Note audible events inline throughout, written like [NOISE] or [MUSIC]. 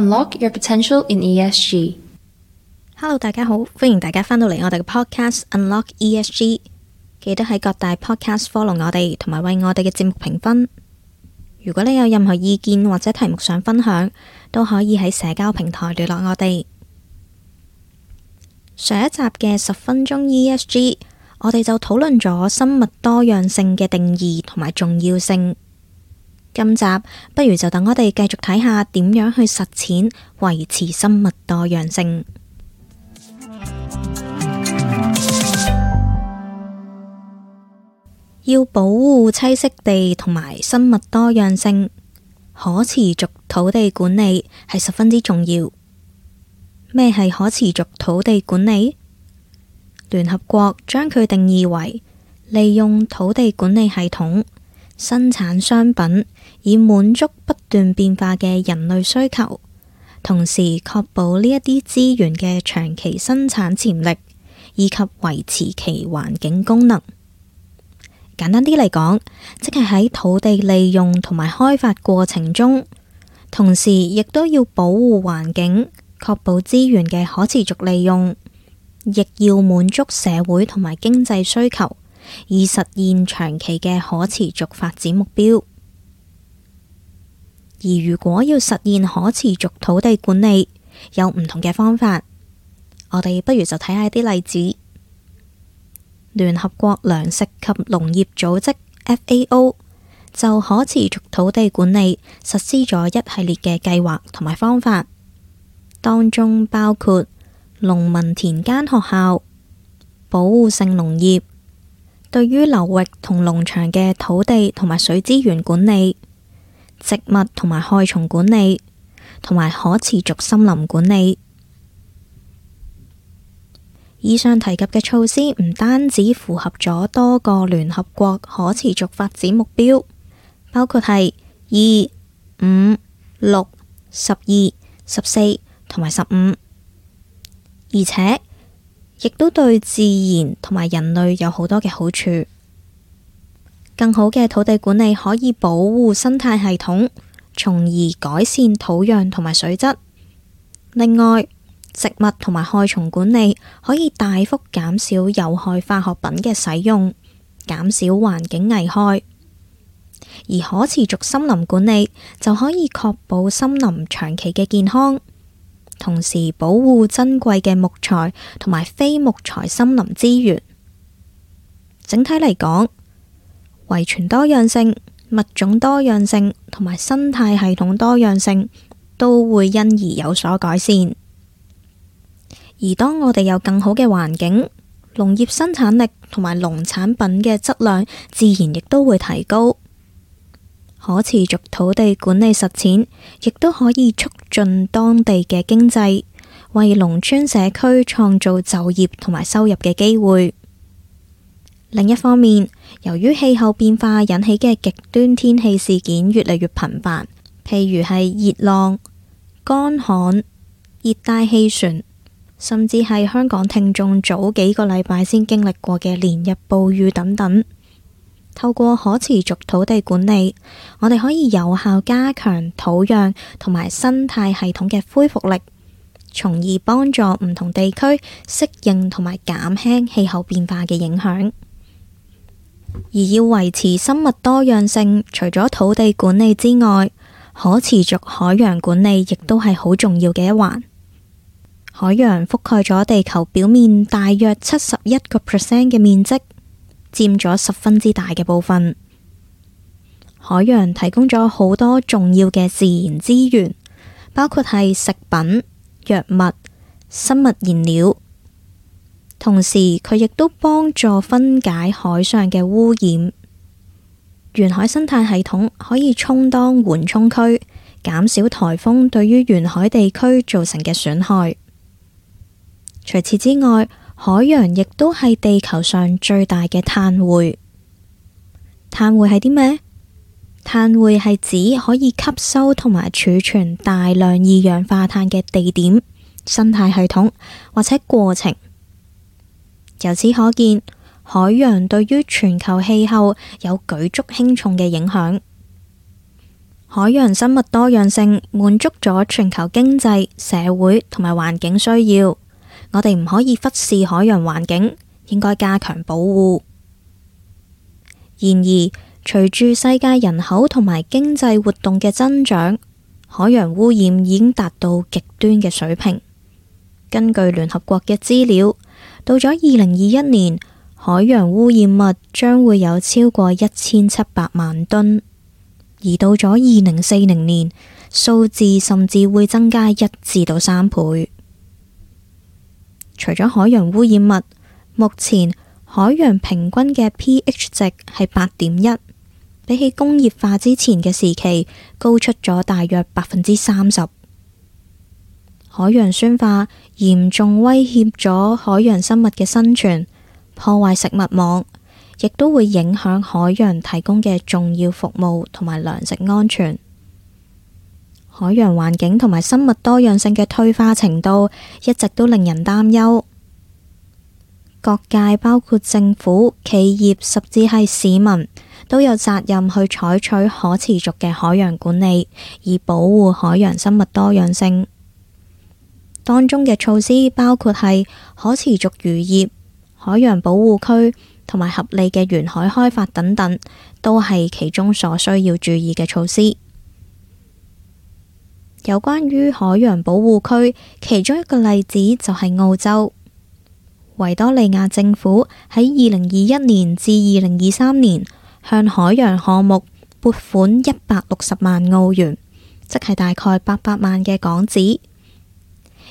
Unlock your potential in ESG. Hello，大家好，歡迎大家翻到嚟我哋嘅 podcast Unlock ESG。記得喺各大 podcast follow 我哋，同埋為我哋嘅節目評分。如果你有任何意見或者題目想分享，都可以喺社交平台聯絡我哋。上一集嘅十分鐘 ESG，我哋就討論咗生物多樣性嘅定義同埋重要性。今集，不如就等我哋繼續睇下點樣去實踐維持生物多樣性。要保護棲息地同埋生物多樣性，可持續土地管理係十分之重要。咩係可持續土地管理？聯合國將佢定義為利用土地管理系統，生產商品以滿足不斷變化嘅人類需求，同時確保呢一啲資源嘅長期生產潛力，以及維持其環境功能。簡單啲嚟講，即係喺土地利用同埋開發過程中，同時亦都要保護環境，確保資源嘅可持續利用，亦要滿足社會同埋經濟需求，以實現長期嘅可持續發展目標。而如果要實現可持續土地管理，有唔同嘅方法。我哋不如就睇下啲例子。聯合國糧食及農業組織 （FAO） 就可持續土地管理實施咗一系列嘅計劃同埋方法，當中包括農民田間學校、保護性農業。對於流域同農場嘅土地同埋水資源管理，植物同埋害蟲管理、同埋可持續森林管理，以上提及嘅措施唔單止符合咗多個聯合國可持續發展目標，包括係二、五、六、十二、十四同埋十五，而且。亦都對自然同埋人類有好多嘅好處。更好嘅土地管理可以保護生態系統，從而改善土壤同埋水質。另外，植物同埋害蟲管理可以大幅減少有害化學品嘅使用，減少環境危害。而可持續森林管理就可以確保森林長期嘅健康。同時保護珍貴嘅木材同埋非木材森林資源，整體嚟講，遺傳多樣性、物種多樣性同埋生態系統多樣性都會因而有所改善。而當我哋有更好嘅環境，農業生產力同埋農產品嘅質量自然亦都會提高。可持續土地管理實踐，亦都可以促進當地嘅經濟，為農村社區創造就業同埋收入嘅機會。另一方面，由於氣候變化引起嘅極端天氣事件越嚟越頻繁，譬如係熱浪、乾旱、熱帶氣旋，甚至係香港聽眾早幾個禮拜先經歷過嘅連日暴雨等等。透過可持續土地管理，我哋可以有效加強土壤同埋生態系統嘅恢復力，從而幫助唔同地區適應同埋減輕氣候變化嘅影響。而要維持生物多樣性，除咗土地管理之外，可持續海洋管理亦都係好重要嘅一環。海洋覆蓋咗地球表面大約七十一個 percent 嘅面積。佔咗十分之大嘅部分，海洋提供咗好多重要嘅自然資源，包括係食品、藥物、生物燃料，同時佢亦都幫助分解海上嘅污染。沿海生態系統可以充當緩衝區，減少台風對於沿海地區造成嘅損害。除此之外，海洋亦都係地球上最大嘅碳匯，碳匯係啲咩？碳匯係指可以吸收同埋儲存大量二氧化碳嘅地點、生態系統或者過程。由此可見，海洋對於全球氣候有舉足輕重嘅影響。海洋生物多樣性滿足咗全球經濟、社會同埋環境需要。我哋唔可以忽視海洋環境，應該加強保護。然而，隨住世界人口同埋經濟活動嘅增長，海洋污染已經達到極端嘅水平。根據聯合國嘅資料，到咗二零二一年，海洋污染物將會有超過一千七百萬噸；而到咗二零四零年，數字甚至會增加一至到三倍。除咗海洋污染物，目前海洋平均嘅 pH 值係八點一，比起工業化之前嘅時期高出咗大約百分之三十。海洋酸化嚴重威脅咗海洋生物嘅生存，破壞食物網，亦都會影響海洋提供嘅重要服務同埋糧食安全。海洋環境同埋生物多樣性嘅退化程度一直都令人擔憂，各界包括政府、企業，甚至係市民，都有責任去採取可持續嘅海洋管理，以保護海洋生物多樣性。當中嘅措施包括係可持續漁業、海洋保護區同埋合理嘅沿海開發等等，都係其中所需要注意嘅措施。有關於海洋保護區，其中一個例子就係澳洲維多利亞政府喺二零二一年至二零二三年向海洋項目撥款一百六十萬澳元，即係大概八百萬嘅港紙，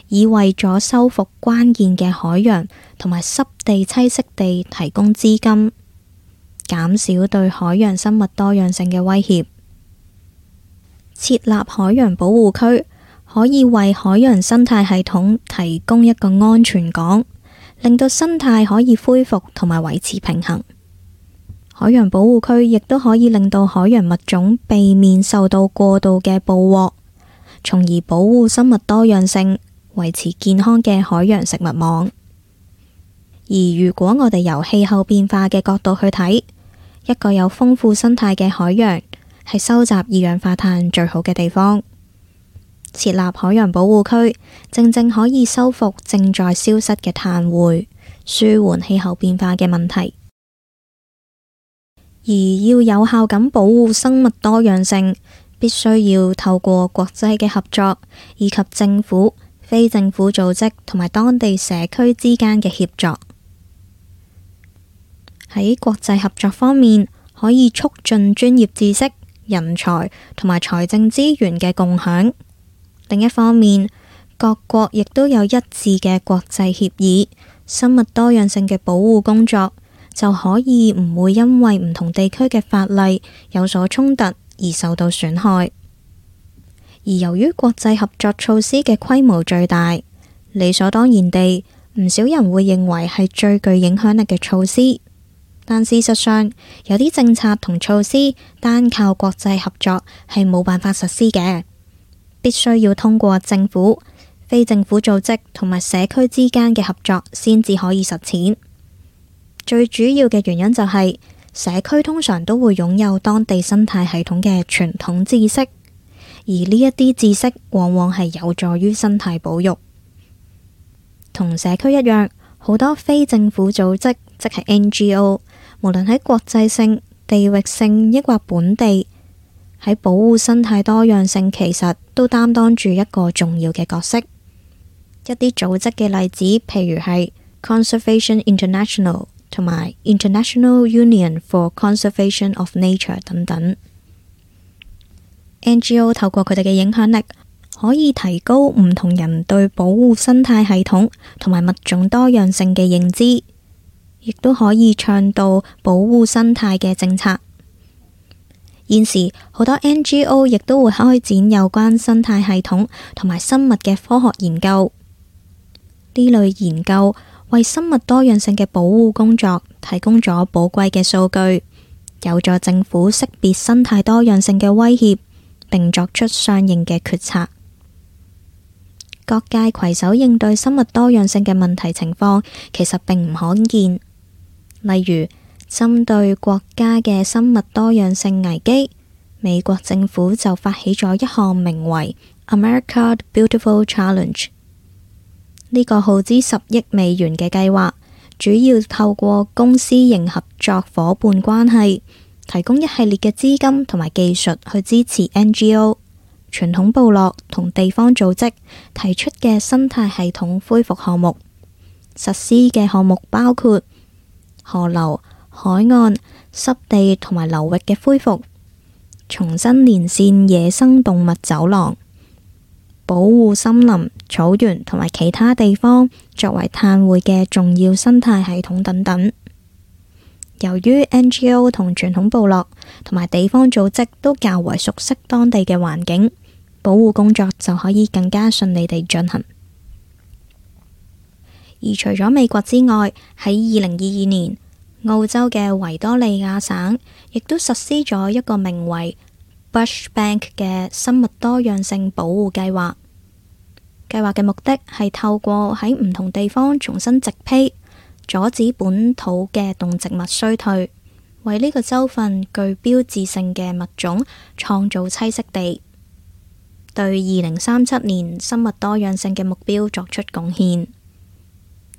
以為咗修復關鍵嘅海洋同埋濕地棲息地提供資金，減少對海洋生物多樣性嘅威脅。設立海洋保護區可以為海洋生態系統提供一個安全港，令到生態可以恢復同埋維持平衡。海洋保護區亦都可以令到海洋物種避免受到過度嘅捕獲，從而保護生物多樣性，維持健康嘅海洋食物網。而如果我哋由氣候變化嘅角度去睇，一個有豐富生態嘅海洋，係收集二氧化碳最好嘅地方，設立海洋保護區，正正可以修復正在消失嘅碳匯，舒緩氣候變化嘅問題。而要有效咁保護生物多樣性，必須要透過國際嘅合作，以及政府、非政府組織同埋當地社區之間嘅協作。喺國際合作方面，可以促進專業知識。人才同埋財政資源嘅共享。另一方面，各國亦都有一致嘅國際協議，生物多樣性嘅保護工作就可以唔會因為唔同地區嘅法例有所衝突而受到損害。而由於國際合作措施嘅規模最大，理所當然地，唔少人會認為係最具影響力嘅措施。但事實上，有啲政策同措施單靠國際合作係冇辦法實施嘅，必須要通過政府、非政府組織同埋社區之間嘅合作先至可以實踐。最主要嘅原因就係、是、社區通常都會擁有當地生態系統嘅傳統知識，而呢一啲知識往往係有助於生態保育。同社區一樣，好多非政府組織即係 NGO。無論喺國際性、地域性，抑或本地，喺保護生態多樣性，其實都擔當住一個重要嘅角色。一啲組織嘅例子，譬如係 Conservation International 同埋 International Union for Conservation of Nature 等等，NGO 透過佢哋嘅影響力，可以提高唔同人對保護生態系統同埋物種多樣性嘅認知。亦都可以倡導保護生態嘅政策。現時好多 NGO 亦都會開展有關生態系統同埋生物嘅科學研究。呢類研究為生物多樣性嘅保護工作提供咗寶貴嘅數據，有助政府識別生態多樣性嘅威脅，並作出相應嘅決策。各界携手應對生物多樣性嘅問題情況，其實並唔罕見。例如，針對國家嘅生物多樣性危機，美國政府就發起咗一項名為 America Beautiful Challenge 呢個耗資十億美元嘅計劃，主要透過公私營合作夥伴關係，提供一系列嘅資金同埋技術去支持 NGO、傳統部落同地方組織提出嘅生態系統恢復項目。實施嘅項目包括河流、海岸、濕地同埋流域嘅恢復，重新連線野生動物走廊，保護森林、草原同埋其他地方作為碳匯嘅重要生態系統等等。由於 NGO 同傳統部落同埋地方組織都較為熟悉當地嘅環境，保護工作就可以更加順利地進行。而除咗美國之外，喺二零二二年，澳洲嘅維多利亞省亦都實施咗一個名為 Bush Bank 嘅生物多樣性保護計劃。計劃嘅目的係透過喺唔同地方重新植批，阻止本土嘅動植物衰退，為呢個州份具標誌性嘅物種創造棲息地，對二零三七年生物多樣性嘅目標作出貢獻。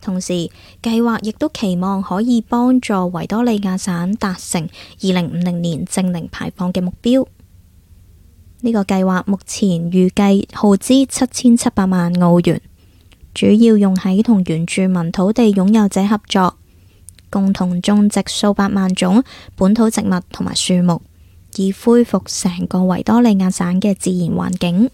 同時，計劃亦都期望可以幫助維多利亞省達成二零五零年淨零排放嘅目標。呢個計劃目前預計耗資七千七百萬澳元，主要用喺同原住民土地擁有者合作，共同種植數百萬種本土植物同埋樹木，以恢復成個維多利亞省嘅自然環境。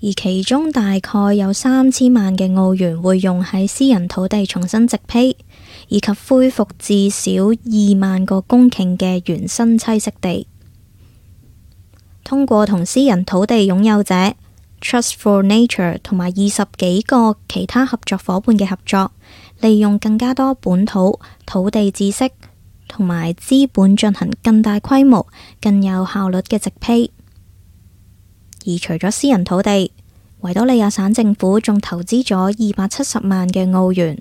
而其中大概有三千萬嘅澳元會用喺私人土地重新植批，以及恢復至少二萬個公頃嘅原生棲息地。通過同私人土地擁有者 Trust for Nature 同埋二十幾個其他合作夥伴嘅合作，利用更加多本土土地知識同埋資本進行更大規模、更有效率嘅植批。而除咗私人土地，維多利亞省政府仲投資咗二百七十萬嘅澳元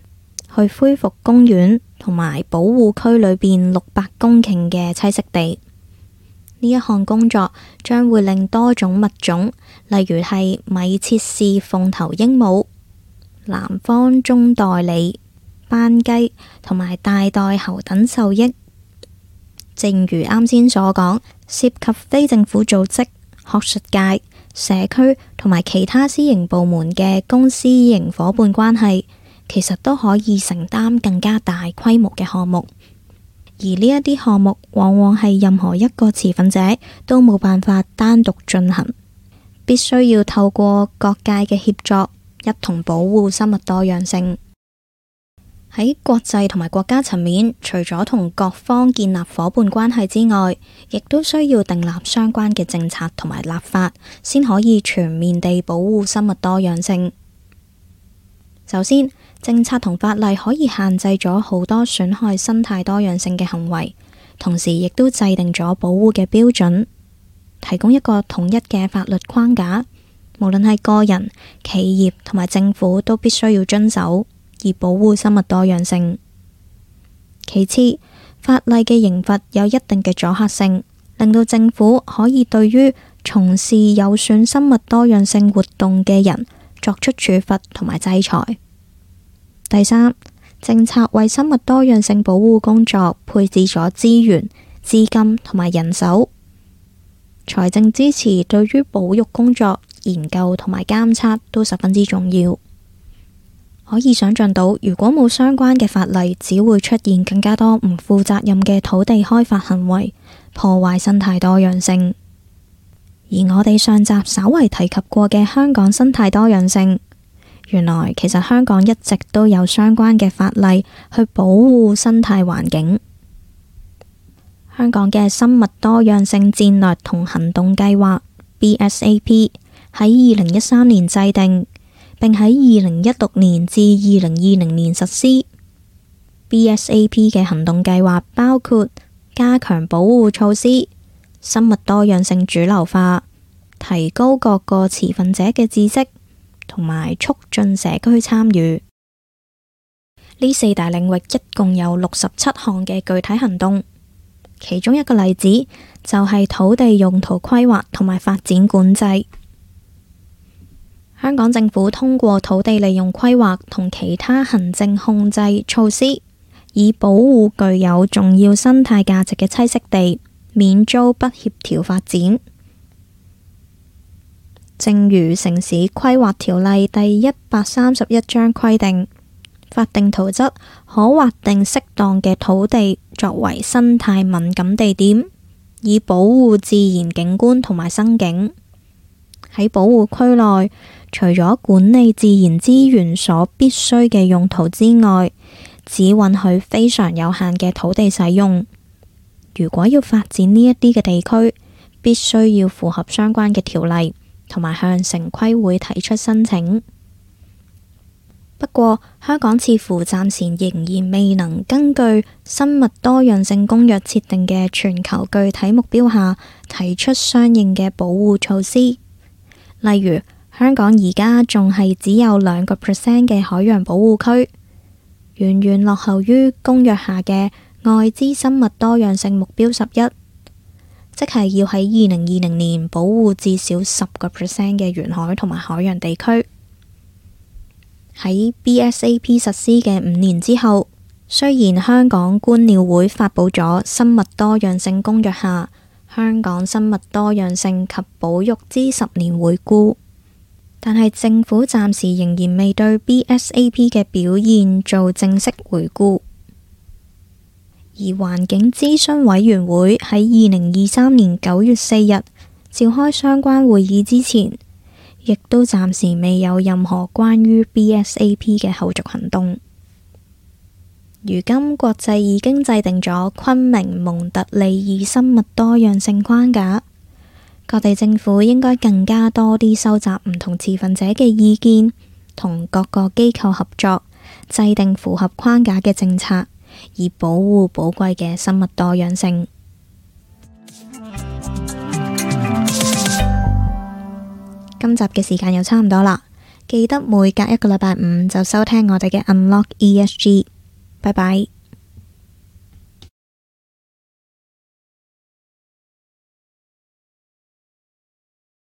去恢復公園同埋保護區裏邊六百公頃嘅棲息地。呢一項工作將會令多種物種，例如係米切氏鳳頭鸚鵡、南方棕袋狸、斑雞同埋大袋猴等受益。正如啱先所講，涉及非政府組織、學術界、社區同埋其他私營部門嘅公私營伙伴關係，其實都可以承擔更加大規模嘅項目，而呢一啲項目往往係任何一個持份者都冇辦法單獨進行，必須要透過各界嘅協作，一同保護生物多樣性。喺國際同埋國家層面，除咗同各方建立伙伴關係之外，亦都需要訂立相關嘅政策同埋立法，先可以全面地保護生物多樣性。首先，政策同法例可以限制咗好多損害生態多樣性嘅行為，同時亦都制定咗保護嘅標準，提供一個統一嘅法律框架，無論係個人、企業同埋政府都必須要遵守。而保護生物多樣性。其次，法例嘅刑罰有一定嘅阻吓性，令到政府可以對於從事有損生物多樣性活動嘅人作出處罰同埋制裁。第三，政策為生物多樣性保護工作配置咗資源、資金同埋人手。財政支持對於保育工作、研究同埋監察都十分之重要。可以想像到，如果冇相關嘅法例，只會出現更加多唔負責任嘅土地開發行為，破壞生態多樣性。而我哋上集稍為提及過嘅香港生態多樣性，原來其實香港一直都有相關嘅法例去保護生態環境。香港嘅生物多樣性戰略同行動計劃 （BSAP） 喺二零一三年制定。並喺二零一六年至二零二零年實施 BSAP 嘅行動計劃，包括加強保護措施、生物多樣性主流化、提高各個持份者嘅知識，同埋促進社區參與。呢四大領域一共有六十七項嘅具體行動。其中一個例子就係土地用途規劃同埋發展管制。香港政府通過土地利用規劃同其他行政控制措施，以保護具有重要生態價值嘅棲息地，免遭不協調發展。正如《城市規劃條例》第一百三十一章規定，法定圖則可劃定適當嘅土地作為生態敏感地點，以保護自然景觀同埋生境。喺保護區內，除咗管理自然資源所必須嘅用途之外，只允許非常有限嘅土地使用。如果要發展呢一啲嘅地區，必須要符合相關嘅條例，同埋向城規會提出申請。不過，香港似乎暫時仍然未能根據《生物多樣性公約》設定嘅全球具體目標下，提出相應嘅保護措施。例如，香港而家仲係只有兩個 percent 嘅海洋保護區，遠遠落後於公約下嘅外資生物多樣性目標十一，即係要喺二零二零年保護至少十個 percent 嘅沿海同埋海洋地區。喺 BSAP 實施嘅五年之後，雖然香港觀鳥會發布咗生物多樣性公約下香港生物多樣性及保育之十年回顧，但係政府暫時仍然未對 BSAP 嘅表現做正式回顧，而環境諮詢委員會喺二零二三年九月四日召開相關會議之前，亦都暫時未有任何關於 BSAP 嘅後續行動。如今國際已經制定咗《昆明蒙特利爾生物多樣性框架》，各地政府應該更加多啲收集唔同持份者嘅意見，同各個機構合作，制定符合框架嘅政策，以保護寶貴嘅生物多樣性。 [MUSIC] 今集嘅時間又差唔多啦，記得每隔一個禮拜五就收聽我哋嘅 Unlock ESG。拜拜。